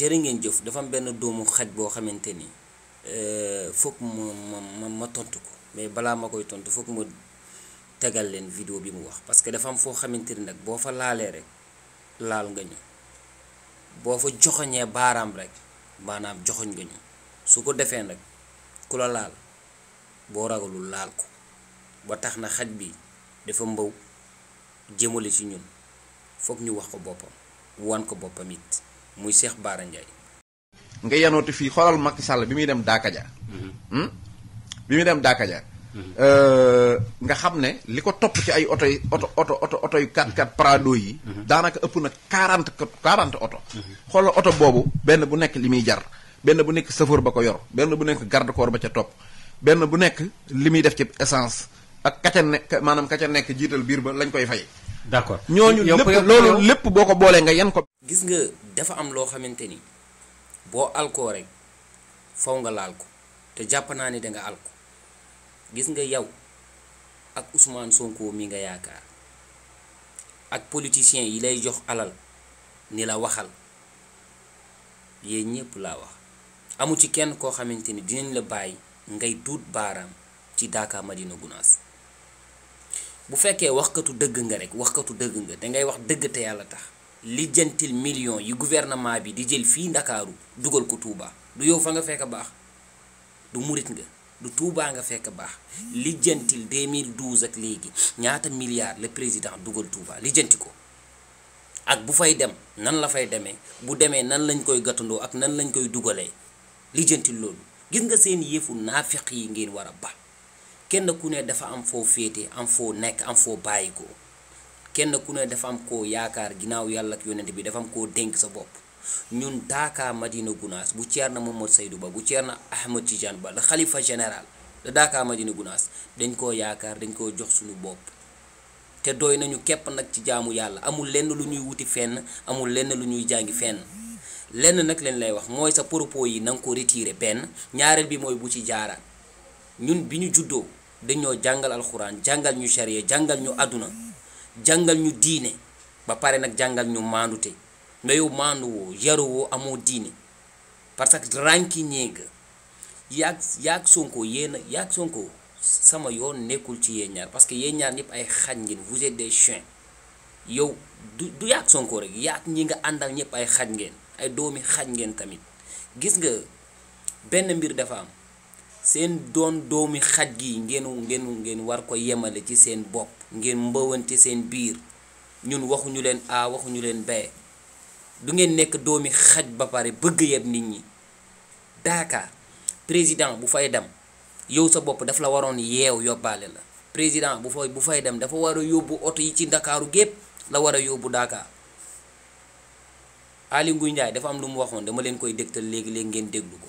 jërë ngeen jëf dafa am benn doomu xaj boo xamante ni euh, foog ma ma ma tontu ko mais balaa ma koy tontu foog ma tegal leen vidéo bi mu wax parce que dafa am foo xamante ni nag boo fa laalee rek laal nga ñu boo fa joxoñee baaraam rek maanaam joxoñ nga ñu su ko defee nag ku la laal boo ragalul laal ko ba tax na xaj bi dafa mbaw jëmale ci ñun foog ñu wax ko boppam wan ko boppam it muy cheikh bara ndjay nga yanoti fi xolal Macky Sall bi mi dem dakaja mhm. hmm bi mi dem dakaja mhm. euh nga xamne liko top ci ay auto auto auto auto auto yu 4 4 Prado yi mhm. danaka ëpp na 40 40 auto xol auto bobu ben bu nek limi jar ben bu nek chauffeur bako yor ben bu nek garde corps ba ca top ben bu nek limi def ci essence ak ka nek manam ka nek jital bir ba lañ koy fay d'accord ñoñu lepp lolu lepp boko bolé nga yan ko gis nga dafa am loo xamante ni boo alkoo rek faw nga laal ko te jàpp naa ni danga alko gis nga yow ak Ousmane Sonko mi nga yaakaar ak politiciens yi lay jox alal ni la waxal yéen ñépp laa wax amu ci kenn koo xamante ni dinañ la bàyyi ngay duut baaraam ci Daaka Madina Gunaas bu fekkee waxkatu dëgg nga rek waxkatu dëgg nga dangay wax dëgg te yàlla tax lijjantil million yi gouvernement bi di jël fii ndakaaru dugal ko tuubaa du yow fa nga fekk baax du murit nga du Touba nga fekk baax lijjantil 2012 ak léegi ñaata milliards la président dugal Touba lijjanti ko ak bu fay dem nan la fay demee bu demee nan lañ koy gàttandoo ak nan lañ koy dugalee lijjantil loolu gis nga seen yëfu naafiq yi ngeen war a ba kenn ku ne dafa am foo féete am foo nekk am foo bàyyi ko. kenn ku ne dafa am ko yaakaar ginnaaw yàlla ak yonent bi dafa am koo dénk sa bopp ñun Daaka Madina Gunaas bu na Mohamed Seydou Ba bu Thierno Ahmed Tidiane Ba le xalifa général de Daaka Madina Gunaas dañ koo yaakaar dañ koo jox suñu bopp te doy nañu képp nag ci jaamu yàlla amul lenn lu ñuy wuti fenn amul lenn lu ñuy jàngi fenn lenn nag leen lay wax mooy sa propos yi nang ko retiré penn ñaareel bi mooy bu ci jaaraat ñun bi ñu juddoo dañoo jàngal jàngal ñu charia jàngal ñu àdduna jàngal ñu diine ba pare nag jàngal ñu maandute mais yow maanduwoo yaruwoo amoo diine parce que rànki ñéega yaag yaag Sonko yéen a yaag Sonko sama yoon nekkul ci yéen ñaar parce que yéen ñaar ñëpp ay xaj ngeen des chiens yow du du yaag Sonko rek ñi nga àndal ñëpp ay xaj ngeen ay doomi xaj ngeen tamit gis nga benn mbir dafa am seen doon doomi xaj gi ngeen ngeen ngeen war ko yemale ci seen bopp ngeen mbëwante seen biir ñun waxuñu leen a waxuñu leen b du ngeen nekk doomi xaj ba pare bëgg yeb nit ñi Dakar président bu fay dem yow sa bopp daf la waroon yeew yóbbaale la président bu fay bu fay dem dafa war a yóbbu oto yi ci ndakaaru gépp la war a yóbbu Dakar Aly Ngouille Ndiaye dafa am lu mu waxoon dama leen koy dégtal léegi-léegi ngeen déglu ko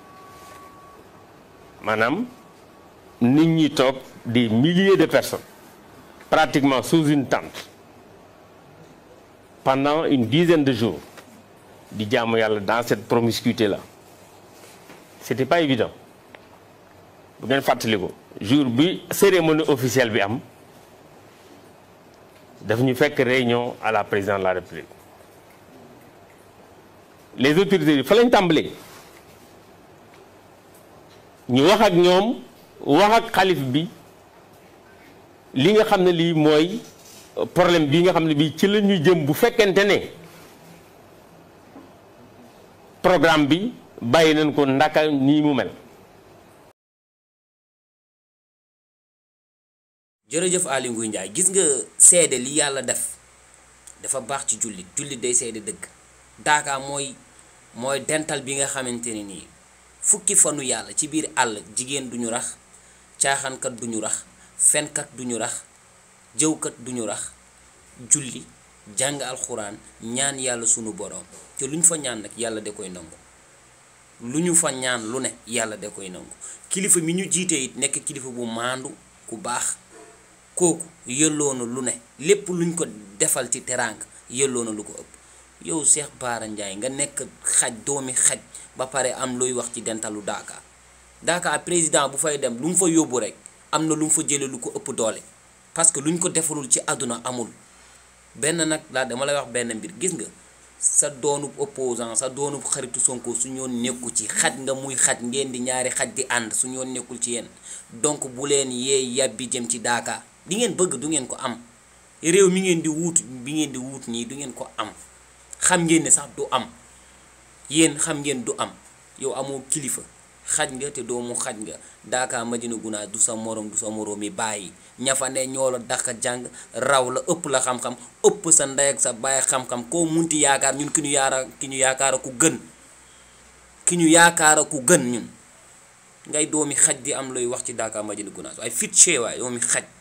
Madame, nous des milliers de personnes pratiquement sous une tente pendant une dizaine de jours dans cette promiscuité là Ce n'était pas évident bu jour la cérémonie officielle Nous avons fait une réunion à la présidence de la république les autorités il fallait lañ ñu wax ak ñoom wax ak xalif bi li nga xam ne lii mooy problème bii nga xam ne bii ci la ñu jëm bu fekkente ne programme bi bàyyi nañ ko ndaka nii mu mel. jërëjëf Aly Ngouille njaay gis nga seede li yàlla def dafa baax ci jullit julli day seede dëgg daaka mooy mooy dental bi nga xamante nii fukki fanu yàlla ci biir àll jigéen du ñu rax caaxaankat duñu rax fenkat duñu rax jëwkat duñu rax julli jàng alxuraan ñaan yàlla sunu borom te lu ñu fa ñaan nag yàlla de koy nangu lu ñu fa ñaan lu ne yàlla de koy nangu kilifa mi ñu jiite it nekk kilifa bu maandu ku baax kooku yëlloona lu ne lépp luñ ko defal ci teraanga yëlloona lu ko ëpp yow Cheikh Bara Ndiaye nga nekk xaj doomi xaj ba pare am luy wax ci dentalu Daaka Daaka président bu fay dem lu mu fa yóbbu rek am na lu mu fa jëlee lu ko ëpp doole parce que lu ñu ko defalul ci àdduna amul benn nag laa dama lay wax benn mbir gis nga sa doonub opposant sa doonub xaritu Sonko su ñoon nekku ci xaj nga muy xaj ngeen di ñaari xaj di ànd su ñoon nekkul ci yéen donc bu leen yee yàbbi jëm ci Daaka li ngeen bëgg du ngeen ko am réew mi ngeen di wuut bi ngeen di wuut nii du ngeen ko am xam ngeen sax du am yéen xam ngeen du am yow amoo kilifa xaj nga te doomu xaj nga daaka Madina Gunaas du sa moroom du sa moroom yi bàyyi ña ne ñoo la dàq jàng raw la ëpp la xam-xam ëpp sa ndey ak sa baay xam-xam koo munti yaakaar ñun ki ñu yaara ki ñu gën ki ñu yaakaara ku gën ñun ngay doomi xaj di am looy wax ci daaka Madina Gunaas waaye fit chewaay doomi xaj